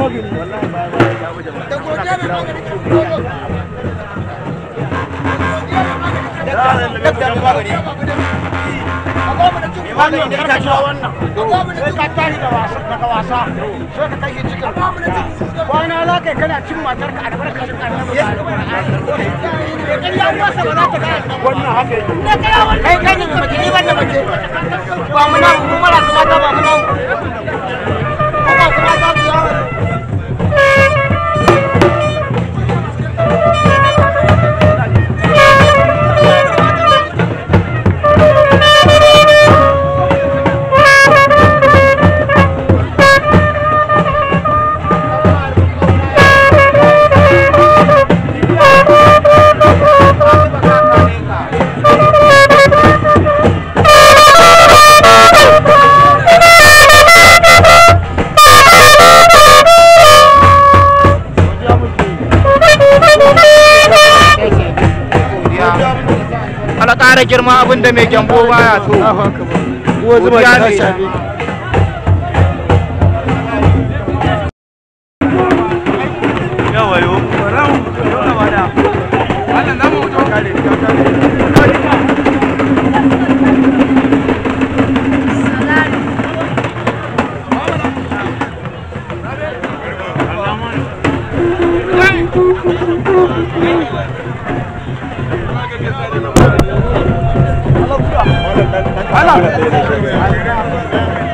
rogin da godiya mai magani kan rogin da godiya mai magani kan rogin da ita cewa wannan sai ka tashi daga wasa sai ka tashi cikin kwana za ka kana cin matar ka albarkacin annabi da ƙarya wasa ba za ta gaya wannan haka yake da ƙarya wannan kai kai ka mace ni wannan mace ba mu nan kuma ra kuma ta ba mu nan kuma kuma ta girma abin da mai gyambo baya so godiya ne Thank you. Hadi.